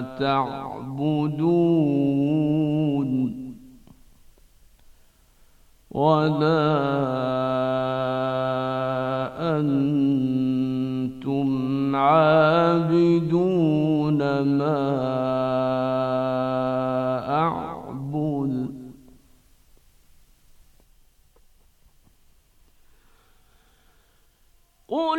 تعبدون ولا أنتم عابدون ما أعبد قل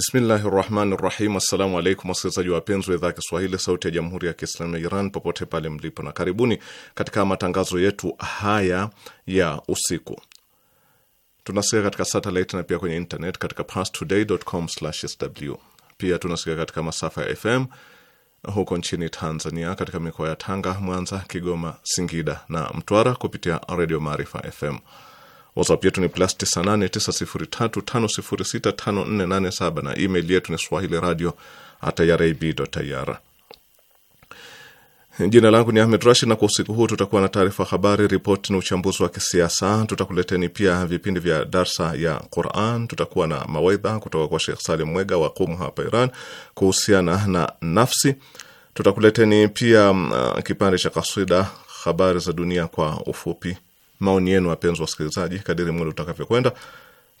Bismillahi rahmani rahim. Assalamu alaikum wasikilizaji wapenzi wa idhaa ya Kiswahili sauti ya jamhuri ya kiislamu ya Iran popote pale mlipo, na karibuni katika matangazo yetu haya ya usiku. Tunasikia katika satelit na pia kwenye internet katika pastodaycom sw Pia tunasikia katika masafa ya FM huko nchini Tanzania, katika mikoa ya Tanga, Mwanza, Kigoma, Singida na Mtwara kupitia redio Maarifa FM. WhatsApp yetu ni plus 989035065487 na email yetu ni swahili radio irib.ir. Jina langu ni Ahmed Rashid, na kwa usiku huu tutakuwa na taarifa habari, ripoti na uchambuzi wa kisiasa. Tutakuleteni pia vipindi vya darsa ya Quran, tutakuwa na mawaidha kutoka kwa Sheikh Salim Mwega wa Qumu hapa Iran kuhusiana na nafsi. Tutakuleteni pia uh, kipande cha kaswida, habari za dunia kwa ufupi maoni yenu, wapenzi wasikilizaji, kadiri muda utakavyokwenda,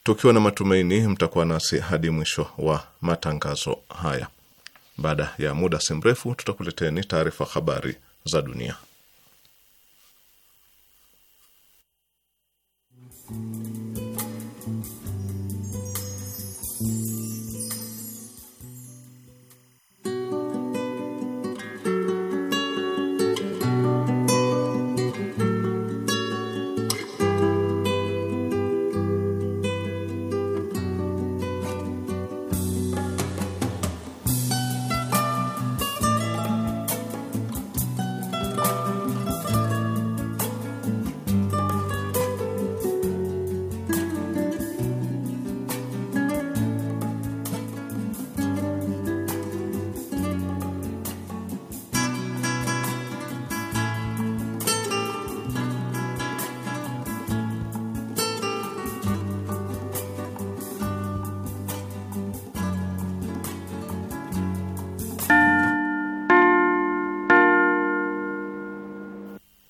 tukiwa na matumaini mtakuwa nasi hadi mwisho wa matangazo haya. Baada ya muda si mrefu, tutakuleteni taarifa habari za dunia.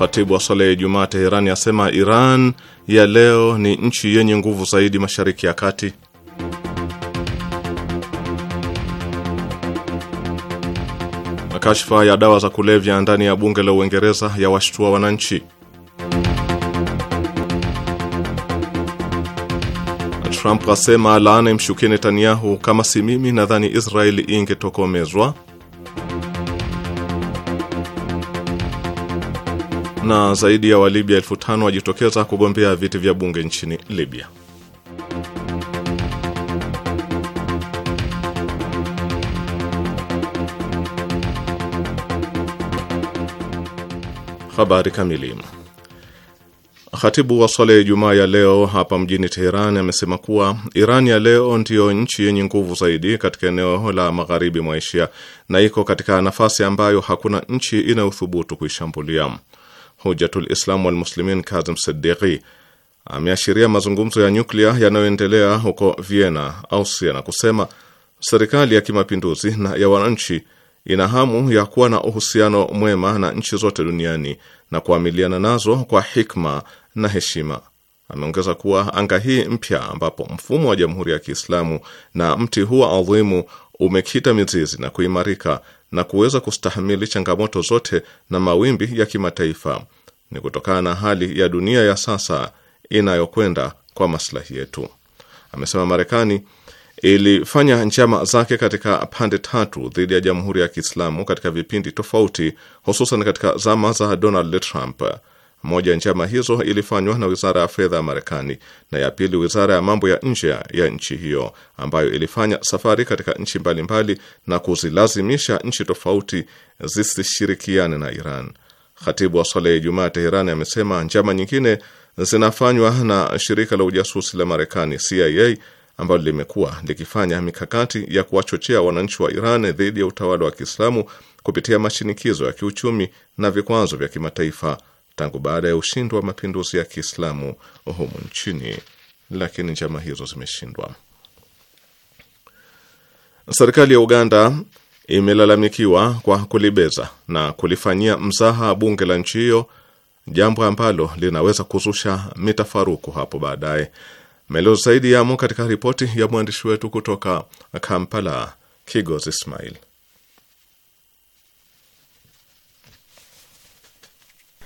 Khatibu wa swala ya Ijumaa Teherani asema Iran ya leo ni nchi yenye nguvu zaidi mashariki ya kati. Kashfa ya dawa za kulevya ndani ya bunge la Uingereza ya washtua wananchi. Trump asema laana imshukie Netanyahu, kama si mimi nadhani Israeli ingetokomezwa. na zaidi ya Walibya elfu tano wajitokeza kugombea viti vya bunge nchini Libya. Habari kamili. Khatibu wa swala ya Ijumaa ya leo hapa mjini Teheran amesema kuwa Iran ya leo ndiyo nchi yenye nguvu zaidi katika eneo la magharibi mwa Asia na iko katika nafasi ambayo hakuna nchi inayothubutu kuishambulia. Hujatul Islam wal Muslimin Kazim Siddiqi ameashiria mazungumzo ya nyuklia yanayoendelea huko Vienna, Austria, na kusema serikali ya kimapinduzi na ya wananchi ina hamu ya kuwa na uhusiano mwema na nchi zote duniani na kuamiliana nazo kwa hikma na heshima. Ameongeza kuwa anga hii mpya ambapo mfumo wa Jamhuri ya Kiislamu na mti huwa adhimu umekita mizizi na kuimarika na kuweza kustahamili changamoto zote na mawimbi ya kimataifa ni kutokana na hali ya dunia ya sasa inayokwenda kwa maslahi yetu, amesema. Marekani ilifanya njama zake katika pande tatu dhidi ya Jamhuri ya Kiislamu katika vipindi tofauti, hususan katika zama za Donald Trump moja njama hizo ilifanywa na wizara ya fedha ya Marekani na ya pili wizara ya mambo ya nje ya nchi hiyo, ambayo ilifanya safari katika nchi mbalimbali na kuzilazimisha nchi tofauti zisishirikiane na Iran. Khatibu wa swala ya Ijumaa Teheran amesema njama nyingine zinafanywa na shirika la ujasusi la Marekani CIA ambalo limekuwa likifanya mikakati ya kuwachochea wananchi wa Iran dhidi ya utawala wa Kiislamu kupitia mashinikizo ya kiuchumi na vikwazo vya kimataifa tangu baada ya ushindi wa mapinduzi ya Kiislamu humu nchini, lakini njama hizo zimeshindwa. Serikali ya Uganda imelalamikiwa kwa kulibeza na kulifanyia mzaha bunge la nchi hiyo, jambo ambalo linaweza kuzusha mitafaruku hapo baadaye. Maelezo zaidi yamo katika ripoti ya mwandishi wetu kutoka Kampala, Kigozi Ismail.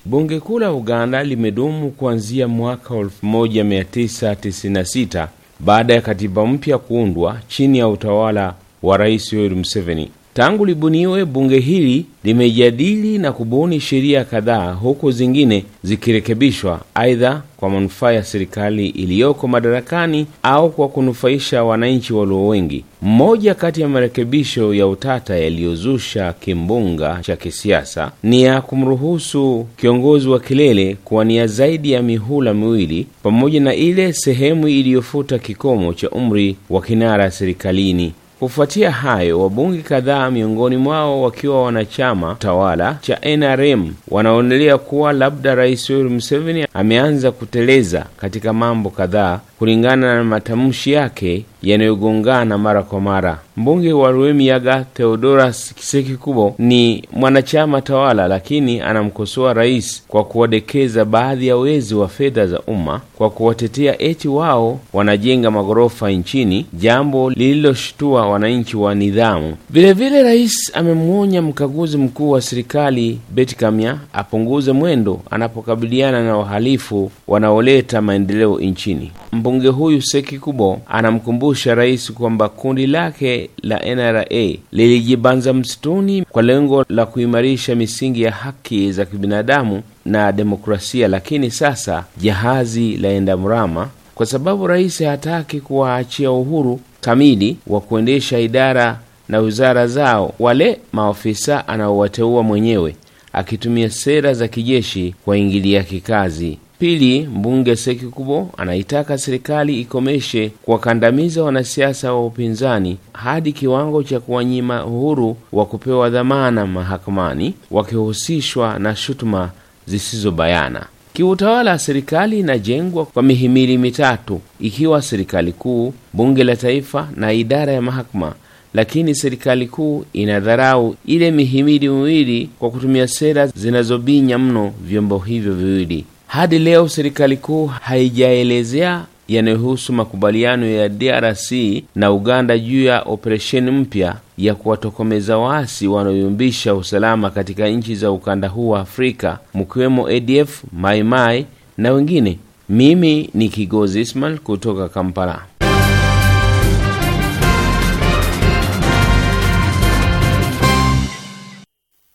Bunge Kuu la Uganda limedumu kuanzia mwaka 1996 baada ya katiba mpya kuundwa chini ya utawala wa Rais Yoweri Museveni. Tangu libuniwe bunge hili limejadili na kubuni sheria kadhaa, huku zingine zikirekebishwa, aidha kwa manufaa ya serikali iliyoko madarakani au kwa kunufaisha wananchi walio wengi. Mmoja kati ya marekebisho ya utata yaliyozusha kimbunga cha kisiasa ni ya kumruhusu kiongozi wa kilele kuwania zaidi ya mihula miwili, pamoja na ile sehemu iliyofuta kikomo cha umri wa kinara serikalini. Kufuatia hayo, wabunge kadhaa, miongoni mwao wakiwa wanachama tawala cha NRM, wanaonelea kuwa labda Rais Yoweri Museveni ameanza kuteleza katika mambo kadhaa kulingana na matamshi yake yanayogongana mara kwa mara. Mbunge wa Ruemiaga Theodoras Kisekikubo ni mwanachama tawala, lakini anamkosoa rais kwa kuwadekeza baadhi ya wezi wa fedha za umma kwa kuwatetea eti wao wanajenga maghorofa nchini, jambo lililoshtua wananchi wa nidhamu. Vilevile rais amemwonya mkaguzi mkuu wa serikali Betkamya apunguze mwendo anapokabiliana na wahalifu wanaoleta maendeleo nchini. Mbunge huyu Sekikubo anamkumbusha kumkumbusha rais kwamba kundi lake la NRA lilijibanza msituni kwa lengo la kuimarisha misingi ya haki za kibinadamu na demokrasia, lakini sasa jahazi laenda mrama kwa sababu rais hataki kuwaachia uhuru kamili wa kuendesha idara na wizara zao wale maofisa anaowateua mwenyewe, akitumia sera za kijeshi kuwaingilia kikazi. Pili, mbunge seki Kubo anaitaka serikali ikomeshe kuwakandamiza wanasiasa wa upinzani hadi kiwango cha kuwanyima uhuru wa kupewa dhamana mahakamani wakihusishwa na shutuma zisizobayana. Kiutawala, serikali inajengwa kwa mihimili mitatu, ikiwa serikali kuu, bunge la taifa na idara ya mahakama. Lakini serikali kuu inadharau ile mihimili miwili kwa kutumia sera zinazobinya mno vyombo hivyo viwili. Hadi leo serikali kuu haijaelezea yanayohusu makubaliano ya DRC na Uganda juu ya operesheni mpya ya kuwatokomeza waasi wanaoyumbisha usalama katika nchi za ukanda huu wa Afrika, mkiwemo ADF, maimai na wengine. Mimi ni Kigozi Ismail kutoka Kampala.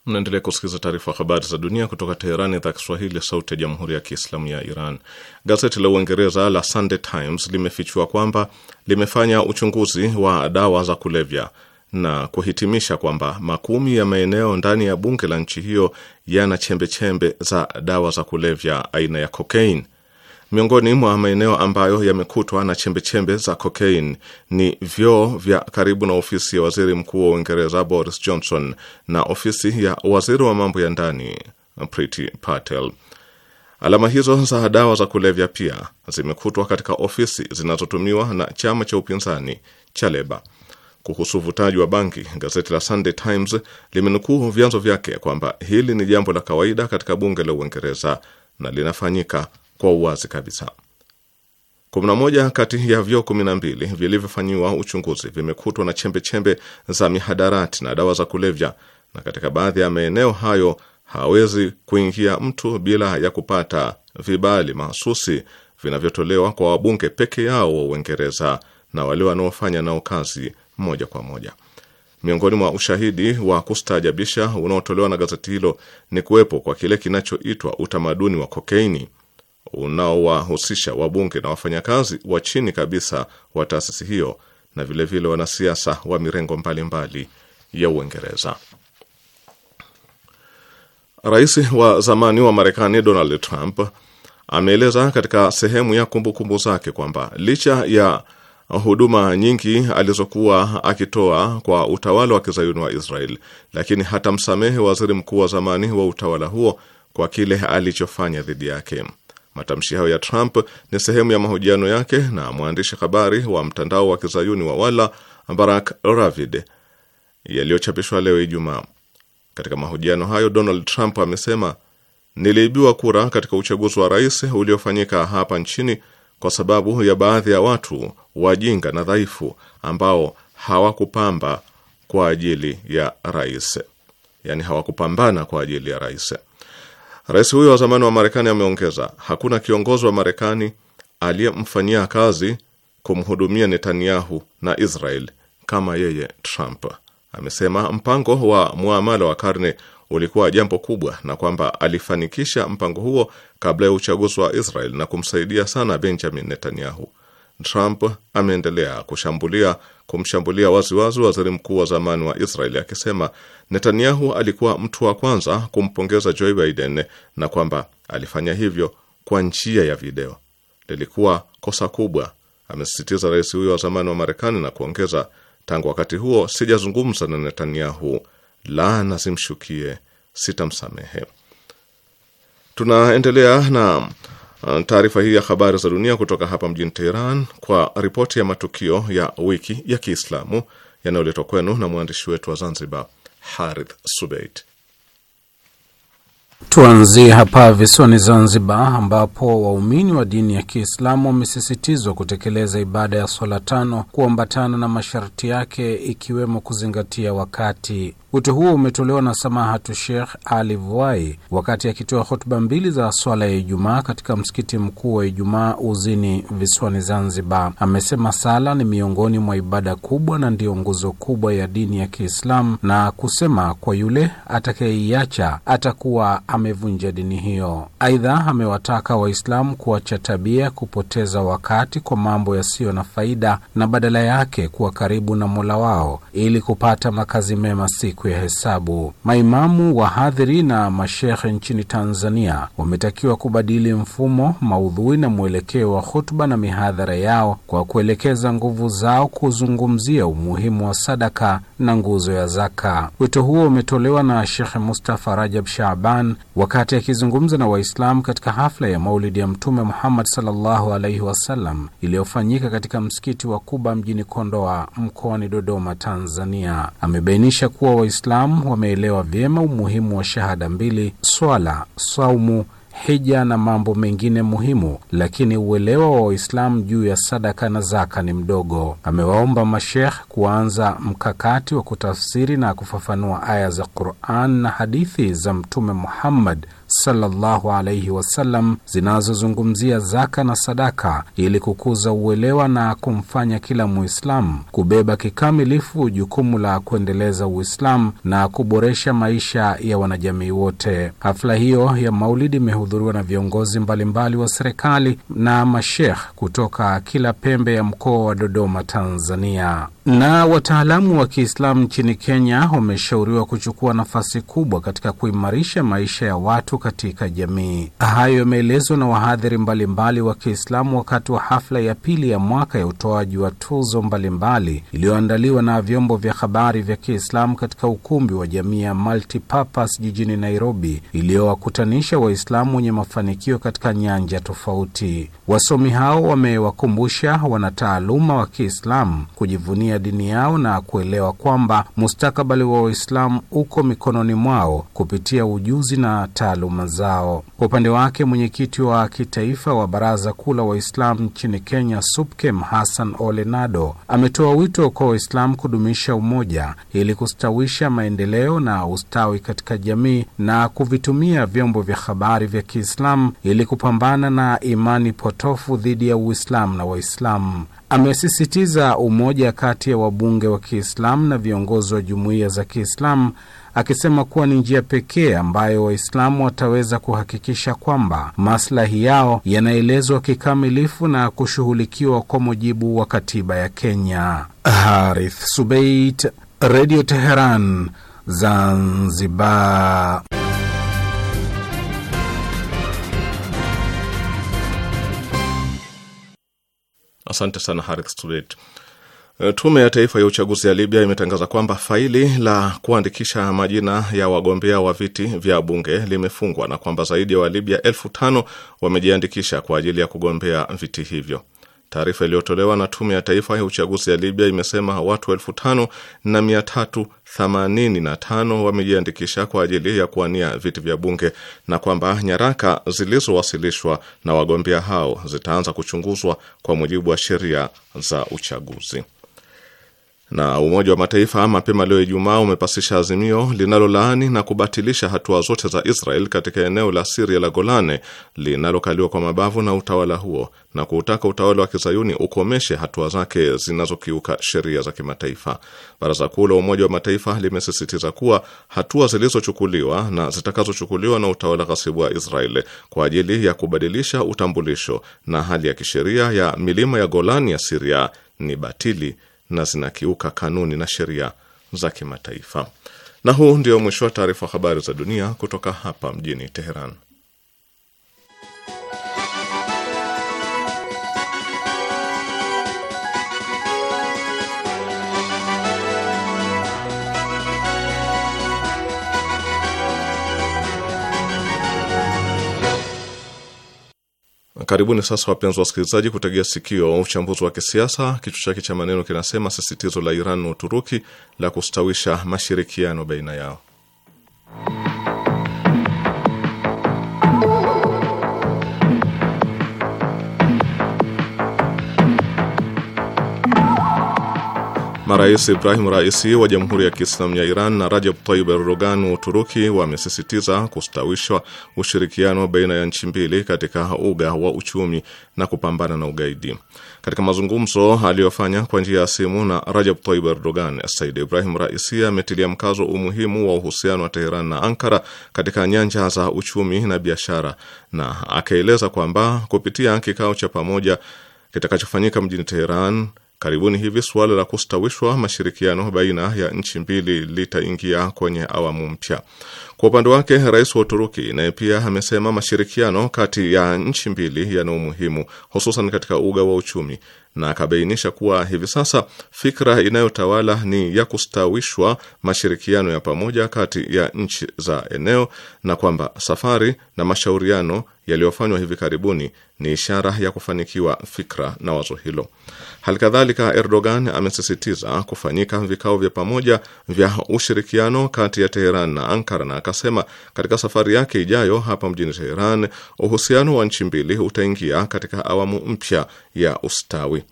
Mnaendelea kusikiliza taarifa habari za dunia kutoka Teherani, idhaa Kiswahili, sauti ya jamhuri ya kiislamu ya Iran. Gazeti la Uingereza la Sunday Times limefichua kwamba limefanya uchunguzi wa dawa za kulevya na kuhitimisha kwamba makumi ya maeneo ndani ya bunge la nchi hiyo yana chembechembe za dawa za kulevya aina ya kokaini. Miongoni mwa maeneo ambayo yamekutwa na chembechembe za kokeini ni vyoo vya karibu na ofisi ya waziri mkuu wa Uingereza Boris Johnson na ofisi ya waziri wa mambo ya ndani Priti Patel. Alama hizo za dawa za kulevya pia zimekutwa katika ofisi zinazotumiwa na chama cha upinzani cha Leba. Kuhusu uvutaji wa bangi, gazeti la Sunday Times limenukuu vyanzo vyake kwamba hili ni jambo la kawaida katika bunge la Uingereza na linafanyika kwa uwazi kabisa. 11 kati ya vyoo 12 vilivyofanyiwa uchunguzi vimekutwa na chembechembe -chembe za mihadarati na dawa za kulevya, na katika baadhi ya maeneo hayo hawezi kuingia mtu bila ya kupata vibali mahsusi vinavyotolewa kwa wabunge peke yao wa Uingereza na wale wanaofanya nao kazi moja kwa moja. Miongoni mwa ushahidi wa kustaajabisha unaotolewa na gazeti hilo ni kuwepo kwa kile kinachoitwa utamaduni wa kokeini unaowahusisha wabunge na wafanyakazi wa chini kabisa wa taasisi hiyo na vilevile wanasiasa wa mirengo mbalimbali ya Uingereza. Rais wa zamani wa Marekani Donald Trump ameeleza katika sehemu ya kumbukumbu zake kwamba licha ya huduma nyingi alizokuwa akitoa kwa utawala wa kizayuni wa Israel, lakini hatamsamehe waziri mkuu wa zamani wa utawala huo kwa kile alichofanya dhidi yake. Matamshi hayo ya Trump ni sehemu ya mahojiano yake na mwandishi habari wa mtandao wa kizayuni wa Walla Barak Ravid yaliyochapishwa leo Ijumaa. Katika mahojiano hayo, Donald Trump amesema, niliibiwa kura katika uchaguzi wa rais uliofanyika hapa nchini kwa sababu ya baadhi ya watu wajinga na dhaifu ambao hawakupamba kwa ajili ya rais, yani hawakupambana kwa ajili ya rais. Rais huyo wa zamani wa Marekani ameongeza, hakuna kiongozi wa Marekani aliyemfanyia kazi kumhudumia Netanyahu na Israel kama yeye Trump. Amesema mpango wa muamala wa karne ulikuwa jambo kubwa na kwamba alifanikisha mpango huo kabla ya uchaguzi wa Israel na kumsaidia sana Benjamin Netanyahu. Trump ameendelea kushambulia kumshambulia waziwazi waziri mkuu wa zamani wa Israeli akisema Netanyahu alikuwa mtu wa kwanza kumpongeza Joe Biden na kwamba alifanya hivyo kwa njia ya video. Lilikuwa kosa kubwa, amesisitiza rais huyo wa zamani wa Marekani na kuongeza, tangu wakati huo sijazungumza na Netanyahu, laana zimshukie, sitamsamehe. Tunaendelea na Uh, taarifa hii ya habari za dunia kutoka hapa mjini Teheran kwa ripoti ya matukio ya wiki ya Kiislamu yanayoletwa kwenu na mwandishi wetu wa Zanzibar, Harith Subeit. Tuanzie hapa visiwani Zanzibar, ambapo waumini wa dini ya Kiislamu wamesisitizwa kutekeleza ibada ya swala tano kuambatana na masharti yake, ikiwemo kuzingatia wakati Wito huo umetolewa na samahatu Sheikh Ali Vuai wakati akitoa hotuba mbili za swala ya Ijumaa katika msikiti mkuu wa Ijumaa Uzini visiwani Zanzibar. Amesema sala ni miongoni mwa ibada kubwa na ndiyo nguzo kubwa ya dini ya Kiislamu, na kusema kwa yule atakayeiacha atakuwa amevunja dini hiyo. Aidha, amewataka Waislamu kuacha tabia kupoteza wakati kwa mambo yasiyo na faida na badala yake kuwa karibu na Mola wao ili kupata makazi mema siku kuyahesabu. Maimamu, hadhiri na mashekhe nchini Tanzania wametakiwa kubadili mfumo, maudhui na mwelekeo wa hotuba na mihadhara yao kwa kuelekeza nguvu zao kuzungumzia umuhimu wa sadaka na nguzo ya zaka. Wito huo umetolewa na Shekhe Mustafa Rajab Shaban wakati akizungumza na Waislamu katika hafla ya maulidi ya Mtume Muhammad sallallahu alaihi wasallam iliyofanyika katika msikiti wa Kuba mjini Kondoa mkoani Dodoma, Tanzania. Amebainisha kuwa Waislamu wameelewa vyema umuhimu wa shahada mbili, swala, saumu, hija na mambo mengine muhimu, lakini uelewa wa Waislamu juu ya sadaka na zaka ni mdogo. Amewaomba mashekh kuanza mkakati wa kutafsiri na kufafanua aya za Quran na hadithi za Mtume Muhammad sallallahu alaihi wasallam zinazozungumzia zaka na sadaka ili kukuza uelewa na kumfanya kila Muislamu kubeba kikamilifu jukumu la kuendeleza Uislamu na kuboresha maisha ya wanajamii wote. Hafla hiyo ya Maulidi imehudhuriwa na viongozi mbalimbali wa serikali na mashekh kutoka kila pembe ya mkoa wa Dodoma, Tanzania. Na wataalamu wa Kiislamu nchini Kenya wameshauriwa kuchukua nafasi kubwa katika kuimarisha maisha ya watu katika jamii. Hayo yameelezwa na wahadhiri mbalimbali wa Kiislamu wakati wa hafla ya pili ya mwaka ya utoaji wa tuzo mbalimbali iliyoandaliwa na vyombo vya habari vya Kiislamu katika ukumbi wa jamii ya Multipurpose jijini Nairobi, iliyowakutanisha Waislamu wenye mafanikio katika nyanja tofauti. Wasomi hao wamewakumbusha wanataaluma wa Kiislamu kujivunia dini yao na kuelewa kwamba mustakabali wa Waislamu uko mikononi mwao kupitia ujuzi na taaluma zao. Kwa upande wake, mwenyekiti wa kitaifa wa Baraza Kuu la Waislamu nchini Kenya, SUPKEM, Hassan Ole Nado ametoa wito kwa Waislamu kudumisha umoja ili kustawisha maendeleo na ustawi katika jamii na kuvitumia vyombo vya habari vya Kiislamu ili kupambana na imani potofu dhidi ya Uislamu na Waislamu amesisitiza umoja kati ya wabunge wa Kiislamu na viongozi wa jumuiya za Kiislamu akisema kuwa ni njia pekee ambayo Waislamu wataweza kuhakikisha kwamba maslahi yao yanaelezwa kikamilifu na kushughulikiwa kwa mujibu wa katiba ya Kenya. Harith Subeit, Radio Teheran, Zanzibar. Asante sana Harith Studet. E, tume ya Taifa ya Uchaguzi ya Libya imetangaza kwamba faili la kuandikisha majina ya wagombea wa viti vya bunge limefungwa na kwamba zaidi ya Walibya elfu tano wamejiandikisha kwa ajili ya kugombea viti hivyo. Taarifa iliyotolewa na Tume ya Taifa ya Uchaguzi ya Libya imesema watu elfu tano na mia tatu themanini na tano wamejiandikisha kwa ajili ya kuwania viti vya bunge na kwamba nyaraka zilizowasilishwa na wagombea hao zitaanza kuchunguzwa kwa mujibu wa sheria za uchaguzi. Na Umoja wa Mataifa mapema leo Ijumaa umepasisha azimio linalolaani na kubatilisha hatua zote za Israel katika eneo la Siria la Golane linalokaliwa kwa mabavu na utawala huo na kuutaka utawala wa kizayuni ukomeshe hatua zake zinazokiuka sheria za kimataifa. Baraza Kuu la Umoja wa Mataifa limesisitiza kuwa hatua zilizochukuliwa na zitakazochukuliwa na utawala ghasibu wa Israel kwa ajili ya kubadilisha utambulisho na hali ya kisheria ya milima ya Golani ya Siria ni batili na zinakiuka kanuni na sheria za kimataifa. Na huu ndio mwisho wa taarifa habari za dunia kutoka hapa mjini Teheran. Karibuni sasa wapenzi wasikilizaji, kutegea sikio uchambuzi wa kisiasa. Kichwa chake cha maneno kinasema sisitizo la Iran na Uturuki la kustawisha mashirikiano baina yao. Marais Ibrahim Raisi wa Jamhuri ya Kiislamu ya Iran na Rajab Tayyip Erdogan wa Uturuki wamesisitiza kustawishwa ushirikiano baina ya nchi mbili katika uga wa uchumi na kupambana na ugaidi. Katika mazungumzo aliyofanya kwa njia ya simu na Rajab Tayyip Erdogan, Said Ibrahim Raisi ametilia mkazo umuhimu wa uhusiano wa Teheran na Ankara katika nyanja za uchumi na biashara, na akaeleza kwamba kupitia kikao cha pamoja kitakachofanyika mjini Teheran Karibuni hivi suala la kustawishwa mashirikiano baina ya nchi mbili litaingia kwenye awamu mpya. Kwa upande wake, rais wa Uturuki naye pia amesema mashirikiano kati ya nchi mbili yana umuhimu, hususan katika uga wa uchumi, na akabainisha kuwa hivi sasa fikra inayotawala ni ya kustawishwa mashirikiano ya pamoja kati ya nchi za eneo na kwamba safari na mashauriano yaliyofanywa hivi karibuni ni ishara ya kufanikiwa fikra na wazo hilo. Halikadhalika, Erdogan amesisitiza kufanyika vikao vya pamoja vya ushirikiano kati ya Teheran na Ankara na akasema katika safari yake ijayo hapa mjini Teheran, uhusiano wa nchi mbili utaingia katika awamu mpya ya ustawi.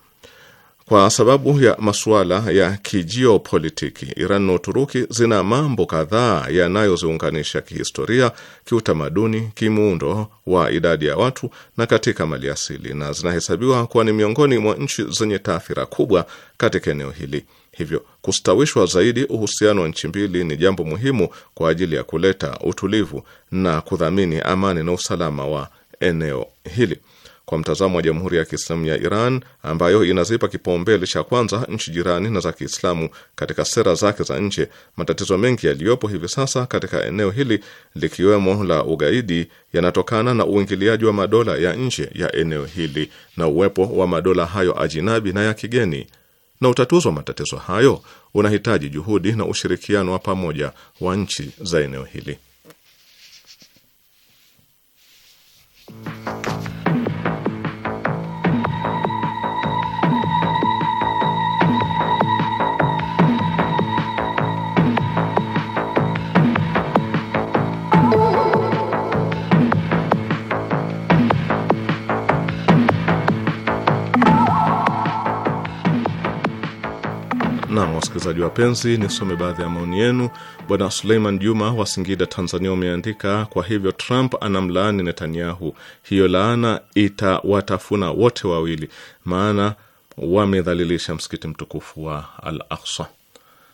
Kwa sababu ya masuala ya kijiopolitiki, Iran na Uturuki zina mambo kadhaa yanayoziunganisha kihistoria, kiutamaduni, kimuundo wa idadi ya watu na katika maliasili, na zinahesabiwa kuwa ni miongoni mwa nchi zenye taathira kubwa katika eneo hili. Hivyo kustawishwa zaidi uhusiano wa nchi mbili ni jambo muhimu kwa ajili ya kuleta utulivu na kudhamini amani na usalama wa eneo hili kwa mtazamo wa Jamhuri ya Kiislamu ya Iran ambayo inazipa kipaumbele cha kwanza nchi jirani na za Kiislamu katika sera zake za nje, matatizo mengi yaliyopo hivi sasa katika eneo hili likiwemo la ugaidi yanatokana na uingiliaji wa madola ya nje ya eneo hili na uwepo wa madola hayo ajinabi na ya kigeni, na utatuzi wa matatizo hayo unahitaji juhudi na ushirikiano wa pamoja wa nchi za eneo hili. Naam, wasikilizaji wapenzi, nisome baadhi ya maoni yenu. Bwana Suleiman Juma wa Singida, Tanzania, umeandika kwa hivyo Trump anamlaani Netanyahu, hiyo laana itawatafuna wote wawili, maana wamedhalilisha msikiti mtukufu wa Al Aksa.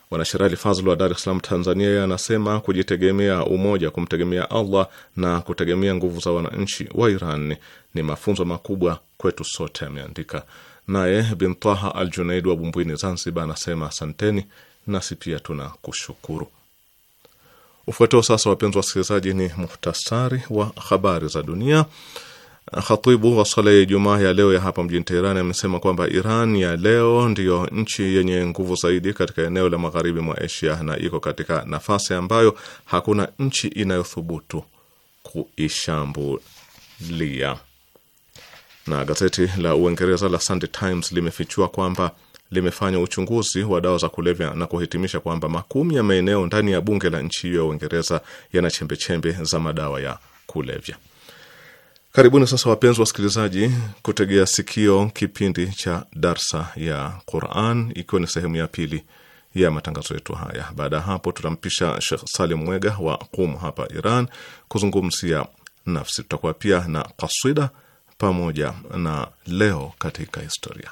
Bwana Sherali Fazl wa Dar es Salaam, Tanzania, anasema kujitegemea, umoja, kumtegemea Allah na kutegemea nguvu za wananchi wa Iran ni mafunzo makubwa kwetu sote, ameandika. Naye Taha Al Junaid wa Bumbwini, Zanzibar, anasema asanteni, nasi pia tuna kushukuru. Ufuatao sasa, wapenzi wasikilizaji, ni muhtasari wa habari za dunia. Khatibu wa swala ya Ijumaa ya leo ya hapa mjini Teherani amesema kwamba Iran ya leo ndiyo nchi yenye nguvu zaidi katika eneo la magharibi mwa Asia na iko katika nafasi ambayo hakuna nchi inayothubutu kuishambulia. Na gazeti la Uingereza la Sunday Times limefichua kwamba limefanya uchunguzi wa dawa za kulevya na kuhitimisha kwamba makumi ya maeneo ndani ya bunge la nchi hiyo ya Uingereza yana chembechembe za madawa ya kulevya. Karibuni sasa wapenzi wasikilizaji, kutegea sikio kipindi cha darsa ya Quran, ikiwa ni sehemu ya pili ya matangazo yetu haya. Baada ya hapo, tutampisha Shekh Salim Mwega wa Qum hapa Iran kuzungumzia nafsi. Tutakuwa pia na kaswida pamoja na leo katika historia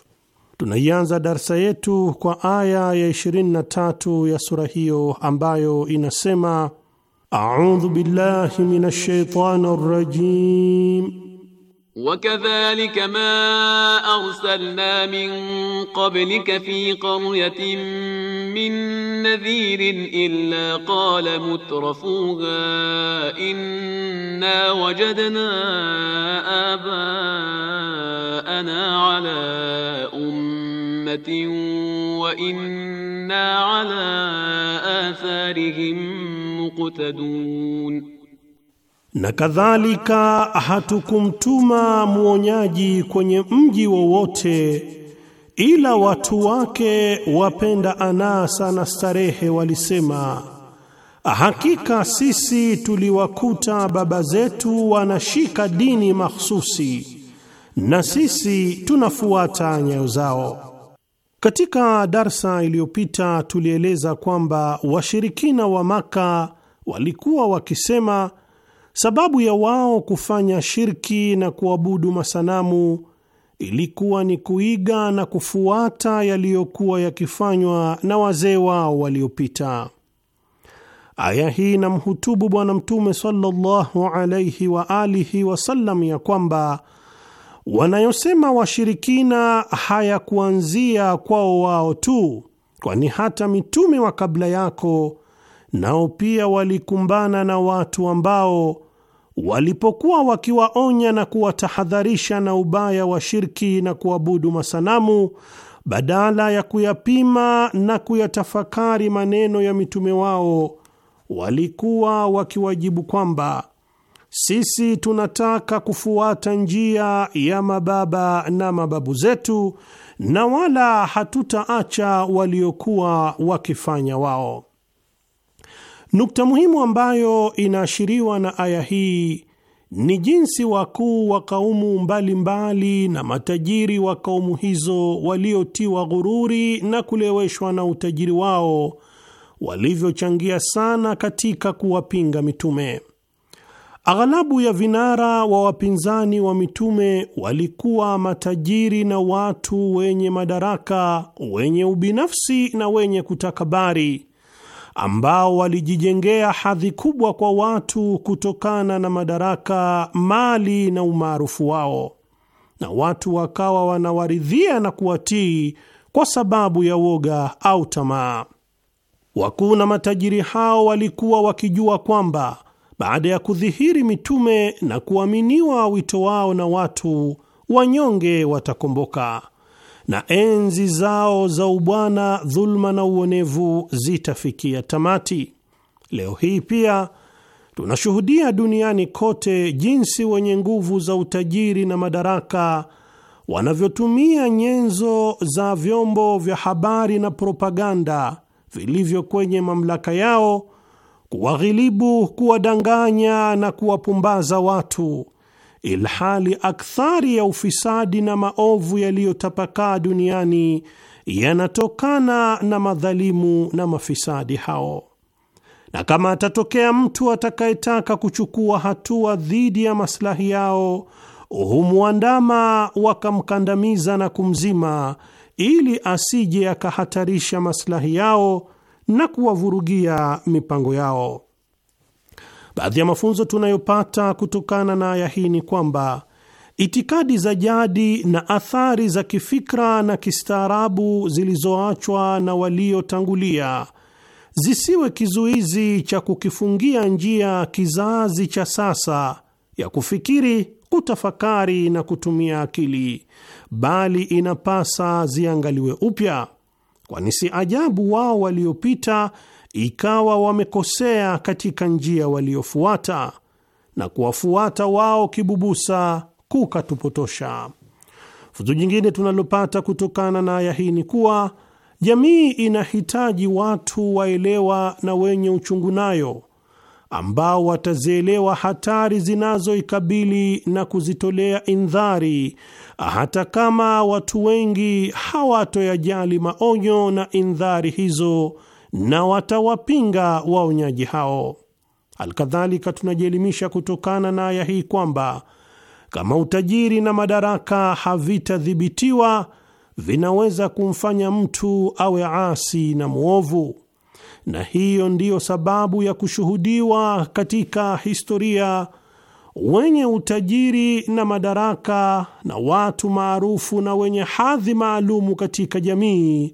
Tunaianza darsa yetu kwa aya ya 23 ya sura hiyo ambayo inasema: audhu billahi minash shaitani rrajim وكذلك ما ارسلنا من قبلك في قريه من نذير الا قال مترفوها انا وجدنا اباءنا على امه وانا على اثارهم مقتدون Na kadhalika hatukumtuma mwonyaji kwenye mji wowote ila watu wake wapenda anasa na starehe walisema, hakika sisi tuliwakuta baba zetu wanashika dini mahsusi na sisi tunafuata nyayo zao. Katika darsa iliyopita tulieleza kwamba washirikina wa Maka walikuwa wakisema Sababu ya wao kufanya shirki na kuabudu masanamu ilikuwa ni kuiga na kufuata yaliyokuwa yakifanywa na wazee wao waliopita. Aya hii na mhutubu Bwana Mtume sallallahu alaihi wa alihi wasallam ya kwamba wanayosema washirikina hayakuanzia kwao wao tu, kwani hata mitume wa kabla yako nao pia walikumbana na watu ambao walipokuwa wakiwaonya na kuwatahadharisha na ubaya wa shirki na kuabudu masanamu, badala ya kuyapima na kuyatafakari maneno ya mitume wao, walikuwa wakiwajibu kwamba sisi tunataka kufuata njia ya mababa na mababu zetu, na wala hatutaacha waliokuwa wakifanya wao. Nukta muhimu ambayo inaashiriwa na aya hii ni jinsi wakuu wa kaumu mbalimbali na matajiri wa kaumu hizo waliotiwa ghururi na kuleweshwa na utajiri wao walivyochangia sana katika kuwapinga mitume. Aghalabu ya vinara wa wapinzani wa mitume walikuwa matajiri na watu wenye madaraka, wenye ubinafsi na wenye kutakabari ambao walijijengea hadhi kubwa kwa watu kutokana na madaraka, mali na umaarufu wao, na watu wakawa wanawaridhia na kuwatii kwa sababu ya woga au tamaa. Wakuu na matajiri hao walikuwa wakijua kwamba baada ya kudhihiri mitume na kuaminiwa wito wao na watu, wanyonge watakomboka na enzi zao za ubwana, dhuluma na uonevu zitafikia tamati. Leo hii pia tunashuhudia duniani kote jinsi wenye nguvu za utajiri na madaraka wanavyotumia nyenzo za vyombo vya habari na propaganda vilivyo kwenye mamlaka yao kuwaghilibu, kuwadanganya na kuwapumbaza watu ilhali akthari ya ufisadi na maovu yaliyotapakaa duniani yanatokana na madhalimu na mafisadi hao. Na kama atatokea mtu atakayetaka kuchukua hatua dhidi ya maslahi yao, humwandama wakamkandamiza na kumzima, ili asije akahatarisha maslahi yao na kuwavurugia mipango yao. Baadhi ya mafunzo tunayopata kutokana na aya hii ni kwamba itikadi za jadi na athari za kifikra na kistaarabu zilizoachwa na waliotangulia zisiwe kizuizi cha kukifungia njia kizazi cha sasa ya kufikiri, kutafakari na kutumia akili, bali inapasa ziangaliwe upya, kwani si ajabu wao waliopita ikawa wamekosea katika njia waliofuata, na kuwafuata wao kibubusa kukatupotosha. Funzo jingine tunalopata kutokana na aya hii ni kuwa jamii inahitaji watu waelewa na wenye uchungu nayo, ambao watazielewa hatari zinazoikabili na kuzitolea indhari, hata kama watu wengi hawatoyajali maonyo na indhari hizo na watawapinga waonyaji hao. Alkadhalika, tunajielimisha kutokana na aya hii kwamba kama utajiri na madaraka havitadhibitiwa vinaweza kumfanya mtu awe asi na mwovu, na hiyo ndiyo sababu ya kushuhudiwa katika historia wenye utajiri na madaraka na watu maarufu na wenye hadhi maalumu katika jamii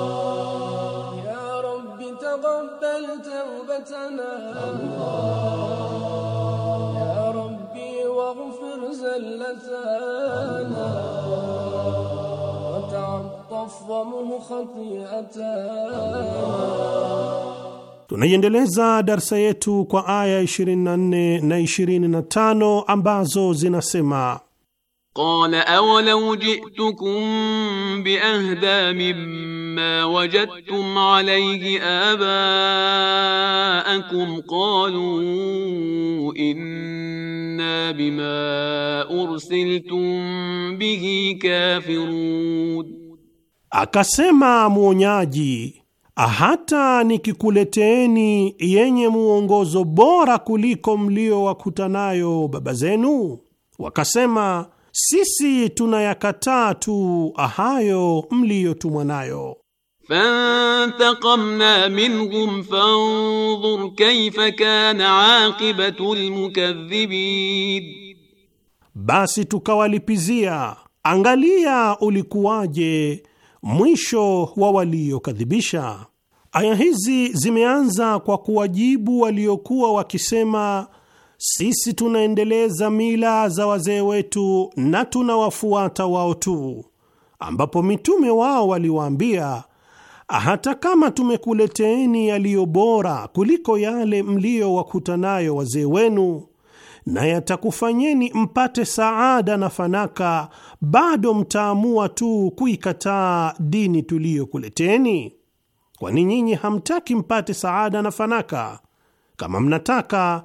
تقبل توبتنا يا ربي واغفر زلتنا وتعطف ومخطيئتنا Tunaiendeleza darsa yetu kwa aya 24 na 25 ambazo zinasema Qala awalau jitukum biahda mimma wajadtum alayhi abaakum qalu inna bima ursiltum bihi kafirun, akasema mwonyaji, hata nikikuleteeni yenye muongozo bora kuliko mliowakuta nayo baba zenu, wakasema sisi tunayakataa tu hayo mliyotumwa nayo. Fantaqamna minhum fanzur kaifa kana aqibatu lmukadhibin, basi tukawalipizia, angalia ulikuwaje mwisho wa waliokadhibisha. Aya hizi zimeanza kwa kuwajibu waliokuwa wakisema sisi tunaendeleza mila za wazee wetu na tunawafuata wao tu, ambapo mitume wao waliwaambia, hata kama tumekuleteeni yaliyo bora kuliko yale mliyowakuta nayo wazee wenu na yatakufanyeni mpate saada na fanaka, bado mtaamua tu kuikataa dini tuliyokuleteni? Kwani nyinyi hamtaki mpate saada na fanaka? Kama mnataka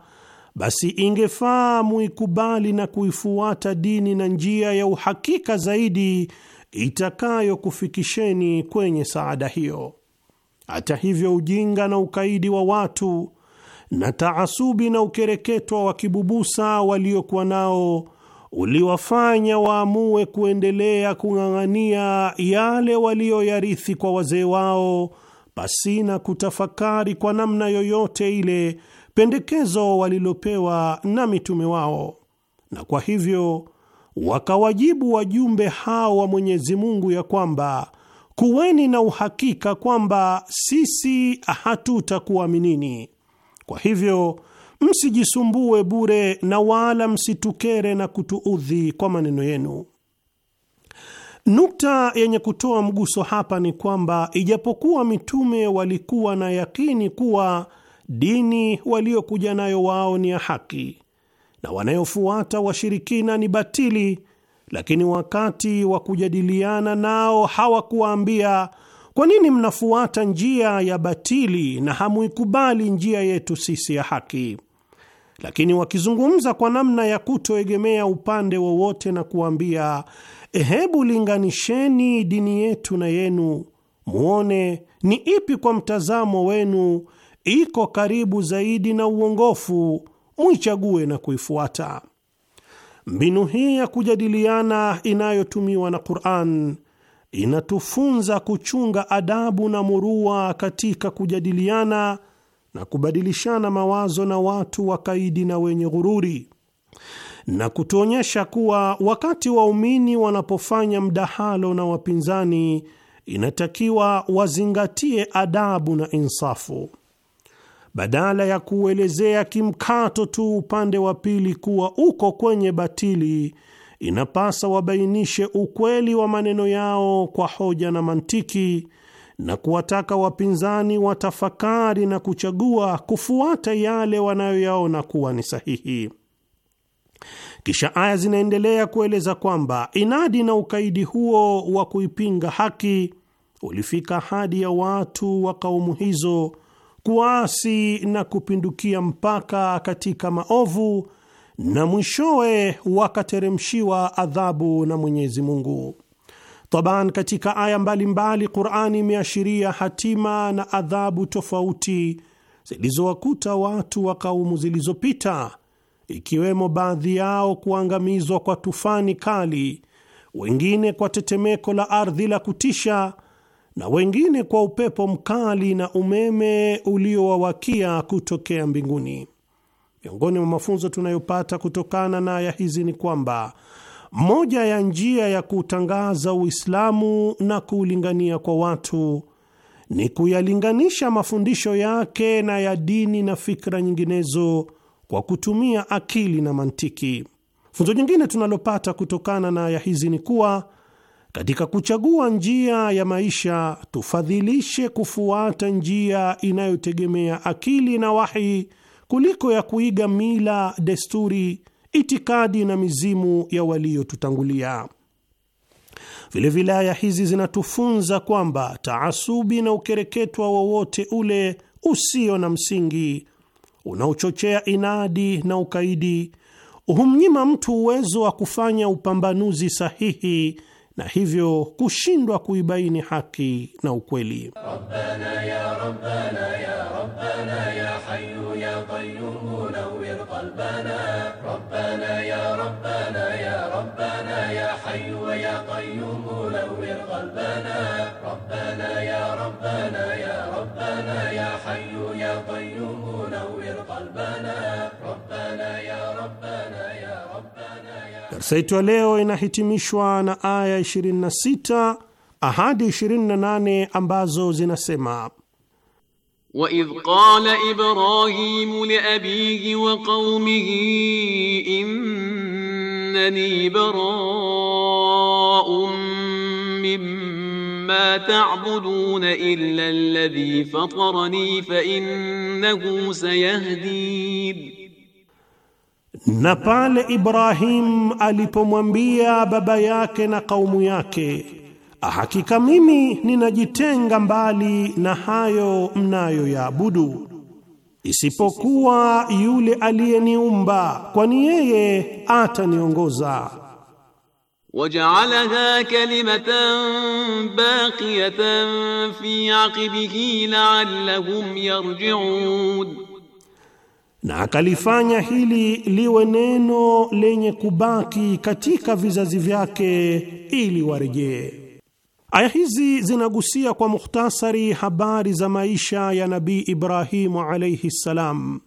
basi ingefaa muikubali na kuifuata dini na njia ya uhakika zaidi itakayokufikisheni kwenye saada hiyo. Hata hivyo, ujinga na ukaidi wa watu na taasubi na ukereketwa wa kibubusa waliokuwa nao uliwafanya waamue kuendelea kung'ang'ania yale waliyoyarithi kwa wazee wao pasina kutafakari kwa namna yoyote ile pendekezo walilopewa na mitume wao, na kwa hivyo wakawajibu wajumbe hao wa Mwenyezi Mungu ya kwamba kuweni na uhakika kwamba sisi hatutakuaminini, kwa hivyo msijisumbue bure na wala msitukere na kutuudhi kwa maneno yenu. Nukta yenye kutoa mguso hapa ni kwamba ijapokuwa mitume walikuwa na yakini kuwa dini waliokuja nayo wao ni ya haki na wanayofuata washirikina ni batili, lakini wakati wa kujadiliana nao hawakuwaambia kwa nini mnafuata njia ya batili na hamuikubali njia yetu sisi ya haki. Lakini wakizungumza kwa namna ya kutoegemea upande wowote na kuambia, hebu linganisheni dini yetu na yenu, muone ni ipi kwa mtazamo wenu iko karibu zaidi na uongofu, mwichague na kuifuata. Mbinu hii ya kujadiliana inayotumiwa na Qur'an inatufunza kuchunga adabu na murua katika kujadiliana na kubadilishana mawazo na watu wakaidi na wenye ghururi, na kutuonyesha kuwa wakati waumini wanapofanya mdahalo na wapinzani, inatakiwa wazingatie adabu na insafu badala ya kuelezea kimkato tu upande wa pili kuwa uko kwenye batili, inapasa wabainishe ukweli wa maneno yao kwa hoja na mantiki na kuwataka wapinzani watafakari na kuchagua kufuata yale wanayoyaona kuwa ni sahihi. Kisha aya zinaendelea kueleza kwamba inadi na ukaidi huo wa kuipinga haki ulifika hadi ya watu wa kaumu hizo kuasi na kupindukia mpaka katika maovu na mwishowe wakateremshiwa adhabu na Mwenyezi Mungu. Taban, katika aya mbalimbali Qur'ani imeashiria hatima na adhabu tofauti zilizowakuta watu wa kaumu zilizopita, ikiwemo baadhi yao kuangamizwa kwa tufani kali, wengine kwa tetemeko la ardhi la kutisha na wengine kwa upepo mkali na umeme uliowawakia kutokea mbinguni. Miongoni mwa mafunzo tunayopata kutokana na aya hizi ni kwamba moja ya njia ya kutangaza Uislamu na kuulingania kwa watu ni kuyalinganisha mafundisho yake na ya dini na fikra nyinginezo kwa kutumia akili na mantiki. Funzo jingine tunalopata kutokana na aya hizi ni kuwa katika kuchagua njia ya maisha, tufadhilishe kufuata njia inayotegemea akili na wahi kuliko ya kuiga mila, desturi, itikadi na mizimu ya waliotutangulia. Vilevile aya hizi zinatufunza kwamba taasubi na ukereketwa wowote ule usio na msingi unaochochea inadi na ukaidi humnyima mtu uwezo wa kufanya upambanuzi sahihi na hivyo kushindwa kuibaini haki na ukweli. Rabbana ya Rabbana ya Rabbana ya Hayyu ya Qayyum qalbana Rabbana ya Rabbana ya Rabbana ya Hayyu ya Qayyum qalbana Rabbana ya Rabbana ya Rabbana ya Hayyu ya Qayyum qalbana Rabbana ya Rabbana Darsa yetu ya leo inahitimishwa na aya 26 ahadi 28 ambazo zinasema وَإِذْ قَالَ إِبْرَاهِيمُ لِأَبِيهِ وَقَوْمِهِ إِنَّنِي بَرَاءٌ مِّمَّا تَعْبُدُونَ إِلَّا الَّذِي فَطَرَنِي فَإِنَّهُ سَيَهْدِينِ na pale Ibrahim alipomwambia baba yake na kaumu yake, hakika mimi ninajitenga mbali na hayo mnayoyaabudu, isipokuwa yule aliyeniumba, kwani yeye ataniongoza. Waj'alaha kalimatan baqiyatan fi aqibihi la'allahum yarji'un na akalifanya hili liwe neno lenye kubaki katika vizazi vyake ili warejee. Aya hizi zinagusia kwa mukhtasari habari za maisha ya Nabii Ibrahimu alaihi ssalam,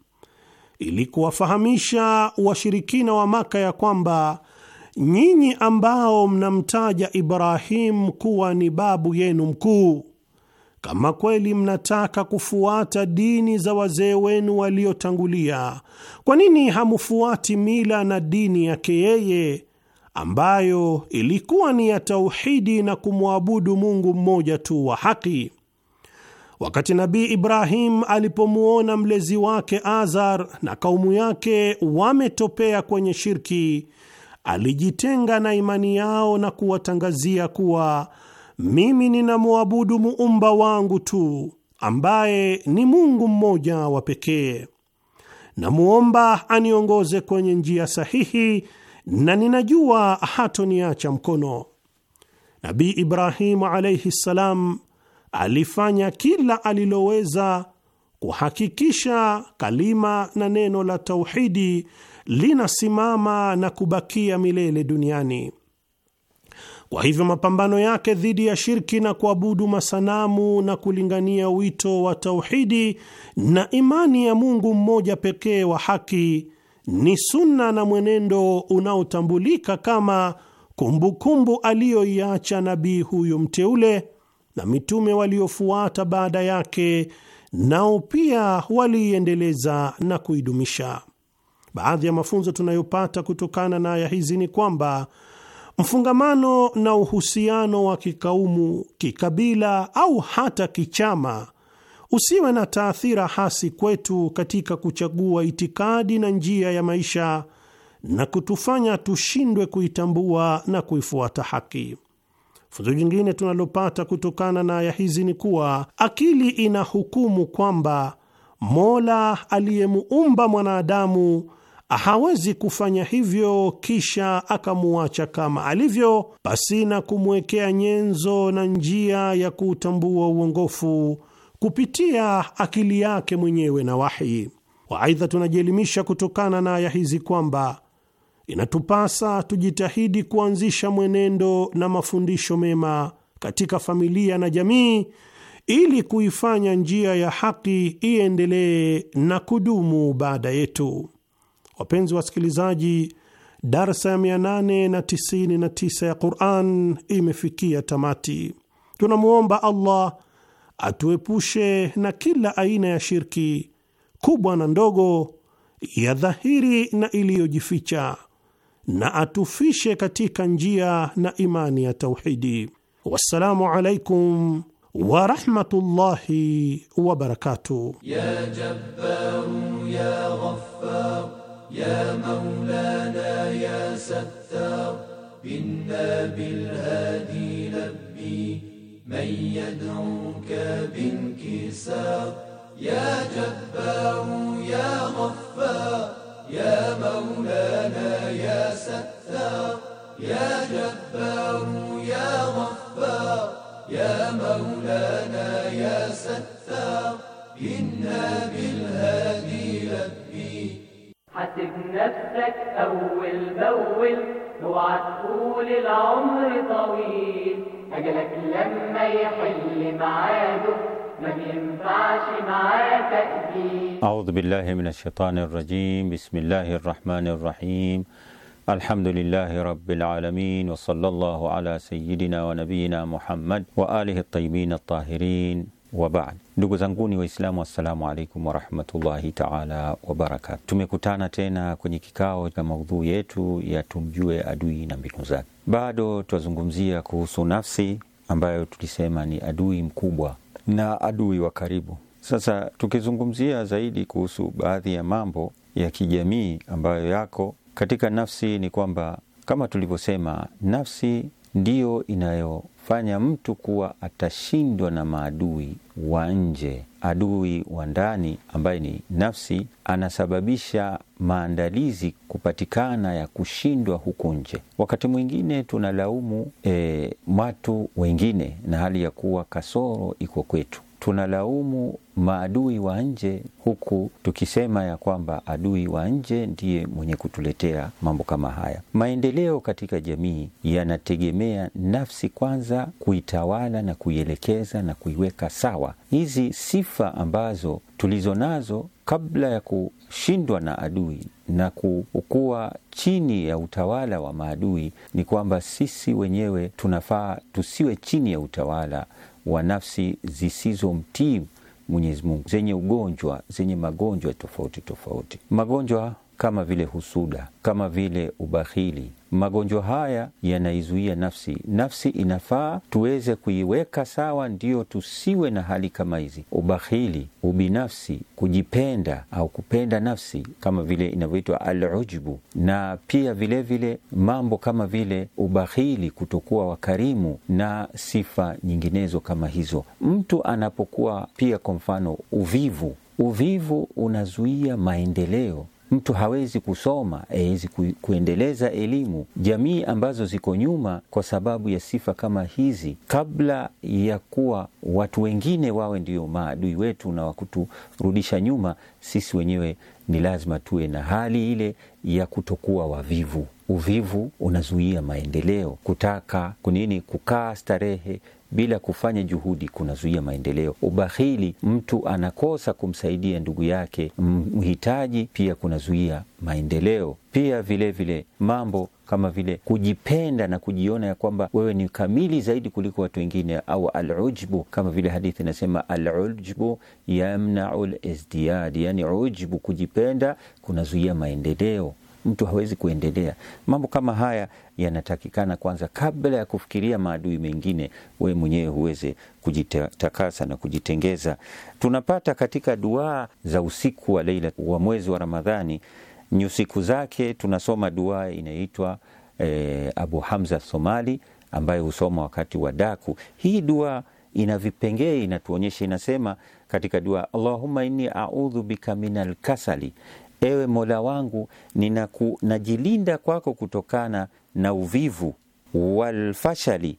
ili kuwafahamisha washirikina wa Maka ya kwamba nyinyi ambao mnamtaja Ibrahimu kuwa ni babu yenu mkuu kama kweli mnataka kufuata dini za wazee wenu waliotangulia, kwa nini hamfuati mila na dini yake yeye ambayo ilikuwa ni ya tauhidi na kumwabudu Mungu mmoja tu wa haki? Wakati Nabii Ibrahim alipomwona mlezi wake Azar na kaumu yake wametopea kwenye shirki, alijitenga na imani yao na kuwatangazia kuwa mimi ninamwabudu muumba wangu tu ambaye ni Mungu mmoja wa pekee. Namwomba aniongoze kwenye njia sahihi, na ninajua hatoniacha mkono. Nabii Ibrahimu alaihi ssalam alifanya kila aliloweza kuhakikisha kalima na neno la tauhidi linasimama na kubakia milele duniani. Kwa hivyo mapambano yake dhidi ya shirki na kuabudu masanamu na kulingania wito wa tauhidi na imani ya Mungu mmoja pekee wa haki ni sunna na mwenendo unaotambulika kama kumbukumbu aliyoiacha nabii huyu mteule na mitume waliofuata baada yake, nao pia waliiendeleza na kuidumisha. Baadhi ya mafunzo tunayopata kutokana na aya hizi ni kwamba Mfungamano na uhusiano wa kikaumu, kikabila au hata kichama usiwe na taathira hasi kwetu katika kuchagua itikadi na njia ya maisha na kutufanya tushindwe kuitambua na kuifuata haki. Funzo jingine tunalopata kutokana na aya hizi ni kuwa akili inahukumu kwamba Mola aliyemuumba mwanadamu hawezi kufanya hivyo kisha akamuacha kama alivyo, pasina kumwekea nyenzo na njia ya kuutambua uongofu kupitia akili yake mwenyewe na wahi wa. Aidha, tunajielimisha kutokana na aya hizi kwamba inatupasa tujitahidi kuanzisha mwenendo na mafundisho mema katika familia na jamii ili kuifanya njia ya haki iendelee na kudumu baada yetu. Wapenzi wasikilizaji, darsa ya 899 ya Quran imefikia tamati. Tunamwomba Allah atuepushe na kila aina ya shirki kubwa na ndogo, ya dhahiri na iliyojificha, na atufishe katika njia na imani ya tauhidi. Wassalamu alaikum wa rahmatullahi wa barakatuh. Ya Jabbaru ya Ghaffar يا مولانا يا ستار إنا بالهادي لبي من يدعوك بانكسار يا جبار يا غفار يا مولانا يا ستار يا جبار يا غفار يا مولانا يا ستار إنا بالهادي حاسب نفسك أول بأول اوعى تقول العمر طويل أجلك لما يحل معاده ما بينفعش معاه تأجيل أعوذ بالله من الشيطان الرجيم بسم الله الرحمن الرحيم الحمد لله رب العالمين وصلى الله على سيدنا ونبينا محمد وآله الطيبين الطاهرين Wabad, ndugu zanguni Waislamu, assalamu alaikum warahmatullahi taala wabarakatu. Tumekutana tena kwenye kikao cha maudhui yetu ya tumjue adui na mbinu zake. Bado twazungumzia kuhusu nafsi ambayo tulisema ni adui mkubwa na adui wa karibu. Sasa tukizungumzia zaidi kuhusu baadhi ya mambo ya kijamii ambayo yako katika nafsi, ni kwamba kama tulivyosema, nafsi ndiyo inayofanya mtu kuwa atashindwa na maadui wa nje. Adui wa ndani ambaye ni nafsi anasababisha maandalizi kupatikana ya kushindwa huku nje. Wakati mwingine tunalaumu e, watu wengine na hali ya kuwa kasoro iko kwetu tunalaumu maadui wa nje huku tukisema ya kwamba adui wa nje ndiye mwenye kutuletea mambo kama haya. Maendeleo katika jamii yanategemea nafsi kwanza kuitawala na kuielekeza na kuiweka sawa. Hizi sifa ambazo tulizo nazo kabla ya kushindwa na adui na kukuwa chini ya utawala wa maadui ni kwamba sisi wenyewe tunafaa tusiwe chini ya utawala wa nafsi zisizomtii Mwenyezi Mungu, zenye ugonjwa, zenye magonjwa tofauti tofauti, magonjwa kama vile husuda, kama vile ubakhili. Magonjwa haya yanaizuia nafsi. Nafsi inafaa tuweze kuiweka sawa, ndio tusiwe na hali kama hizi: ubakhili, ubinafsi, kujipenda au kupenda nafsi, kama vile inavyoitwa alujbu, na pia vilevile vile mambo kama vile ubakhili, kutokuwa wakarimu na sifa nyinginezo kama hizo. Mtu anapokuwa pia, kwa mfano, uvivu. Uvivu unazuia maendeleo mtu hawezi kusoma, hawezi kuendeleza elimu. Jamii ambazo ziko nyuma kwa sababu ya sifa kama hizi, kabla ya kuwa watu wengine wawe ndio maadui wetu na wakuturudisha nyuma, sisi wenyewe ni lazima tuwe na hali ile ya kutokuwa wavivu. Uvivu unazuia maendeleo, kutaka kunini, kukaa starehe bila kufanya juhudi kunazuia maendeleo. Ubahili, mtu anakosa kumsaidia ndugu yake mhitaji, pia kunazuia maendeleo. Pia vilevile vile, mambo kama vile kujipenda na kujiona ya kwamba wewe ni kamili zaidi kuliko watu wengine, au alujbu, kama vile hadithi inasema, alujbu yamnau lizdiyad, yani ujbu, kujipenda kunazuia maendeleo mtu hawezi kuendelea. Mambo kama haya yanatakikana kwanza, kabla ya kufikiria maadui mengine, wewe mwenyewe huweze kujitakasa na kujitengeza. Tunapata katika duaa za usiku wa Leila wa mwezi wa Ramadhani, nyusiku zake tunasoma duaa inaitwa e, Abu Hamza Somali ambayo husoma wakati wa daku. Hii dua ina vipengee, inatuonyesha, inasema katika dua, Allahumma inni audhu bika min alkasali Ewe Mola wangu, ninaku, najilinda kwako kutokana na uvivu walfashali,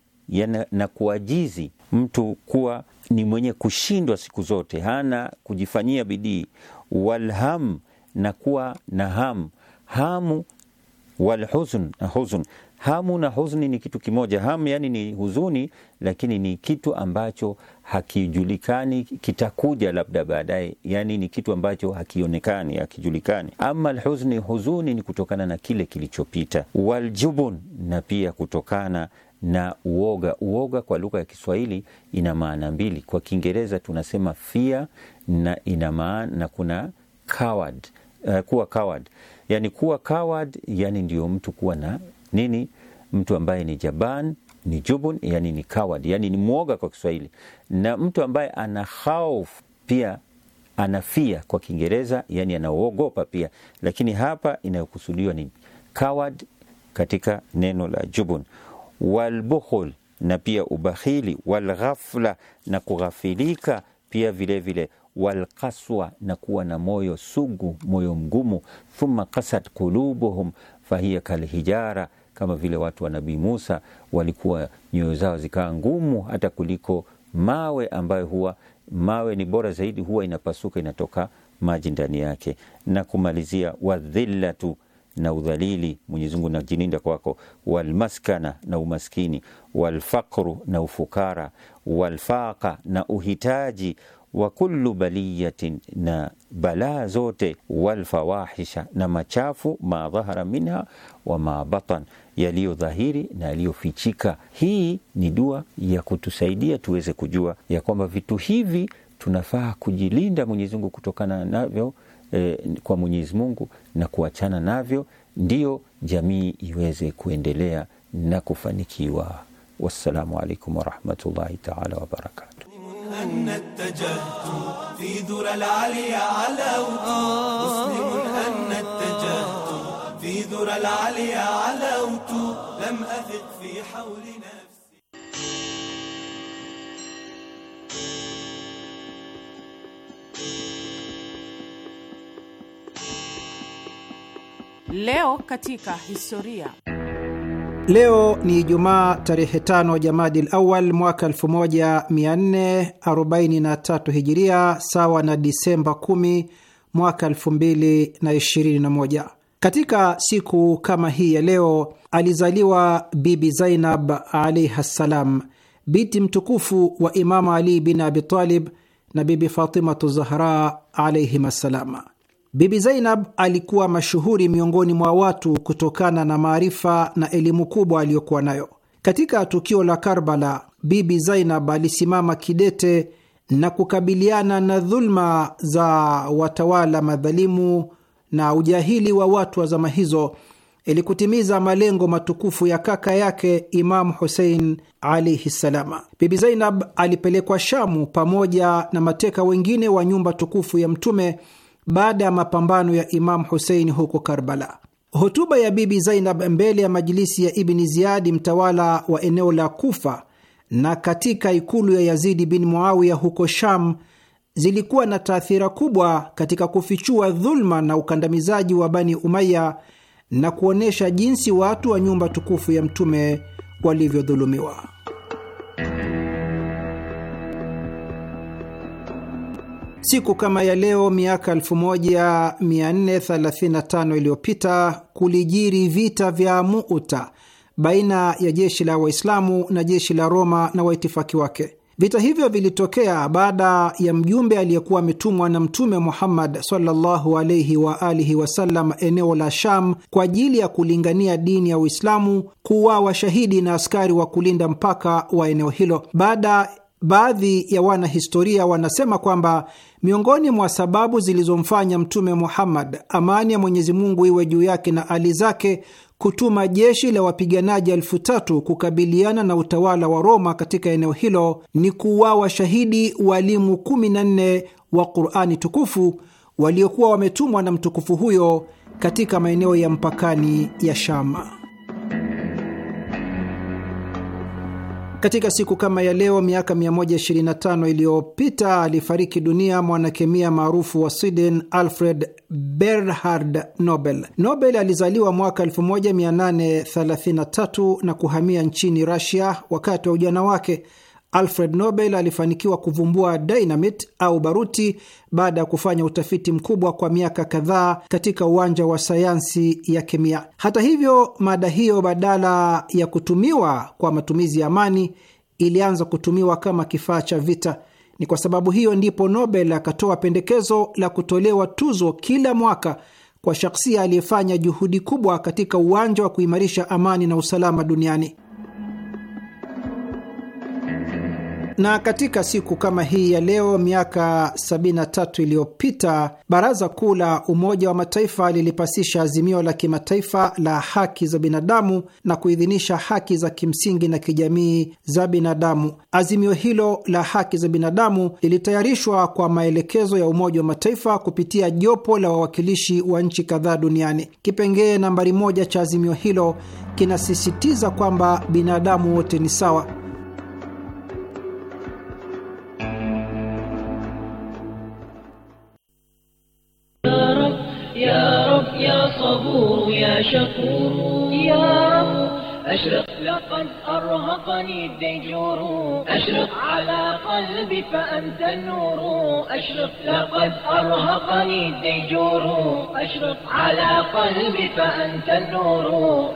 na kuajizi mtu kuwa ni mwenye kushindwa siku zote, hana kujifanyia bidii, walham, na kuwa na ham, hamu, walhuzn, na huzn Hamu na huzuni ni kitu kimoja. Hamu yani ni huzuni, lakini ni kitu ambacho hakijulikani, kitakuja labda baadaye, yani ni kitu ambacho hakionekani, hakijulikani. Ama lhuzni, huzuni ni kutokana na kile kilichopita, waljubun, na pia kutokana na uoga. Uoga kwa lugha ya Kiswahili ina maana mbili, kwa Kiingereza tunasema fear na ina maana na kuna coward, uh, kuwa coward. Yani kuwa coward, yani ndio mtu kuwa na nini, mtu ambaye ni jaban ni jubun, yani ni coward, yani ni mwoga kwa Kiswahili, na mtu ambaye ana hauf pia anafia kwa Kiingereza, yani anaogopa pia, lakini hapa inayokusudiwa ni coward katika neno la jubun. Walbukhul, na pia ubakhili. Walghafla, na kughafilika pia vilevile vile. Walkaswa, na kuwa na moyo sugu, moyo mgumu. Thumma kasat qulubuhum fahiya kalhijara kama vile watu wa Nabii Musa walikuwa nyoyo zao zikawa ngumu hata kuliko mawe ambayo huwa mawe ni bora zaidi, huwa inapasuka inatoka maji ndani yake. Na kumalizia wadhillatu na udhalili, Mwenyezi Mungu najininda kwako, walmaskana na umaskini, walfaqru na ufukara, walfaqa na uhitaji wa kullu baliyatin, na balaa zote, walfawahisha, na machafu, ma dhahara minha wa ma batan, yaliyo dhahiri na yaliyofichika. Hii ni dua ya kutusaidia tuweze kujua ya kwamba vitu hivi tunafaa kujilinda Mwenyezi Mungu kutokana navyo eh, kwa Mwenyezi Mungu na kuachana navyo, ndiyo jamii iweze kuendelea na kufanikiwa. Wassalamu alaikum warahmatullahi taala wabarakatu. أن اتجهت في ذرى العلي علوت مسلم أن اتجهت في ذرى العلي علوت لم أثق في حول نفسي Leo katika historia. Leo ni Ijumaa tarehe tano Jamadil Awal mwaka 1443 Hijiria, sawa na Disemba 10 mwaka 2021. Katika siku kama hii ya leo alizaliwa Bibi Zainab alaihi ssalam, binti mtukufu wa Imamu Ali bin abitalib na Bibi Fatimatu Zahra alaihim ssalam. Bibi Zainab alikuwa mashuhuri miongoni mwa watu kutokana na maarifa na elimu kubwa aliyokuwa nayo. Katika tukio la Karbala, Bibi Zainab alisimama kidete na kukabiliana na dhulma za watawala madhalimu na ujahili wa watu wa zama hizo ili kutimiza malengo matukufu ya kaka yake Imamu Husein alaihi ssalama. Bibi Zainab alipelekwa Shamu pamoja na mateka wengine wa nyumba tukufu ya Mtume baada ya mapambano ya Imamu Husein huko Karbala. Hotuba ya Bibi Zainab mbele ya majilisi ya Ibni Ziyadi, mtawala wa eneo la Kufa, na katika ikulu ya Yazidi bin Muawiya huko Sham zilikuwa na taathira kubwa katika kufichua dhuluma na ukandamizaji wa Bani Umaya na kuonyesha jinsi watu wa nyumba tukufu ya Mtume walivyodhulumiwa. Siku kama ya leo miaka 1435 iliyopita kulijiri vita vya Muuta baina ya jeshi la Waislamu na jeshi la Roma na waitifaki wake. Vita hivyo vilitokea baada ya mjumbe aliyekuwa ametumwa na Mtume Muhammad sallallahu alaihi wa alihi wasallam eneo la Sham kwa ajili ya kulingania dini ya Uislamu kuwa washahidi na askari wa kulinda mpaka wa eneo hilo. Baada Baadhi ya wanahistoria wanasema kwamba miongoni mwa sababu zilizomfanya Mtume Muhammad, amani ya Mwenyezi Mungu iwe juu yake na ali zake, kutuma jeshi la wapiganaji elfu tatu kukabiliana na utawala wa Roma katika eneo hilo ni kuuawa shahidi walimu 14 wa Qurani tukufu waliokuwa wametumwa na mtukufu huyo katika maeneo ya mpakani ya Shama. Katika siku kama ya leo miaka 125 iliyopita alifariki dunia mwanakemia maarufu wa Sweden Alfred Bernhard Nobel. Nobel alizaliwa mwaka 1833 na kuhamia nchini Russia wakati wa ujana wake. Alfred Nobel alifanikiwa kuvumbua dynamite au baruti baada ya kufanya utafiti mkubwa kwa miaka kadhaa katika uwanja wa sayansi ya kemia. Hata hivyo, mada hiyo badala ya kutumiwa kwa matumizi ya amani ilianza kutumiwa kama kifaa cha vita. Ni kwa sababu hiyo ndipo Nobel akatoa pendekezo la kutolewa tuzo kila mwaka kwa shaksia aliyefanya juhudi kubwa katika uwanja wa kuimarisha amani na usalama duniani. Na katika siku kama hii ya leo miaka 73 iliyopita Baraza Kuu la Umoja wa Mataifa lilipasisha azimio la kimataifa la haki za binadamu na kuidhinisha haki za kimsingi na kijamii za binadamu. Azimio hilo la haki za binadamu lilitayarishwa kwa maelekezo ya Umoja wa Mataifa kupitia jopo la wawakilishi wa nchi kadhaa duniani. Kipengee nambari moja cha azimio hilo kinasisitiza kwamba binadamu wote ni sawa. يا رب يا صبور يا شكور يا رب أشرق لقد أرهقني الدجور أشرق على قلبي فأنت النور أشرق لقد أرهقني الدجور أشرق على قلبي فأنت النور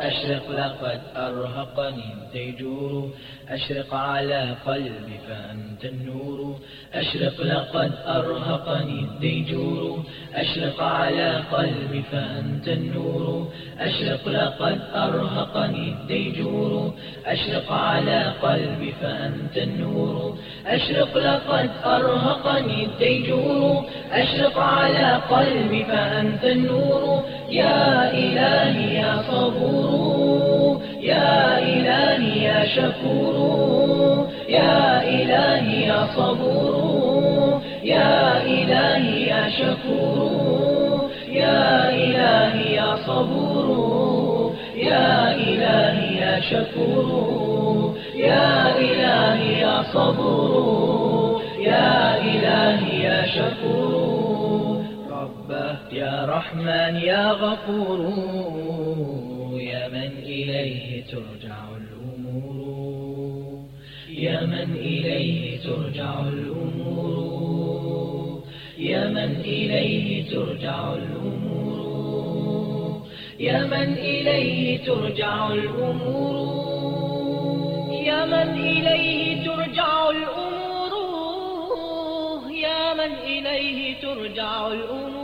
أشرق لقد أرهقني الدجور أشرق على قلبي فأنت النور أشرق لقد أرهقني الديجور أشرق على قلبي فأنت النور أشرق لقد أرهقني الديجور أشرق على قلبي فأنت النور أشرق لقد أرهقني الديجور أشرق على قلبي فأنت النور يا إلهي يا صبور يا إلهي يا شكور يا إلهي يا صبور يا إلهي يا شكور يا إلهي يا صبور يا إلهي يا شكور يا إلهي يا صبور يا إلهي يا شكور ربه يا رحمن يا غفور إليه ترجع الأمور يا من إليه ترجع الأمور يا من إليه ترجع الأمور يا من إليه ترجع الأمور يا من إليه ترجع الأمور يا من إليه ترجع الأمور